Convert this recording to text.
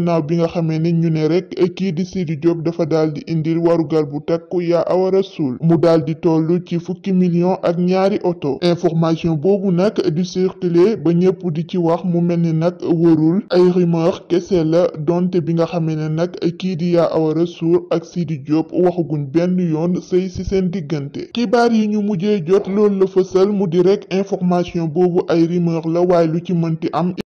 gannaaw bi nga xamee ne ñu ne rek eh, kii di Sidi Diop dafa daal di indil warugal bu takku ya Awa mu daal di toll ci fukki million ak ñaari oto information boobu nag di circuler ba ñëpp di ci wax mu mel ni nag warul ay rumeur kese la donte bi nga xamee ne nag kii di yaa Awa Rassoul ak Sidi Diop waxaguñ benn yoon sëy si seen diggante xibaar yi ñu mujjee jot loolu la fësal mu di rek information boobu ay rumeur la waaye lu ci mënti am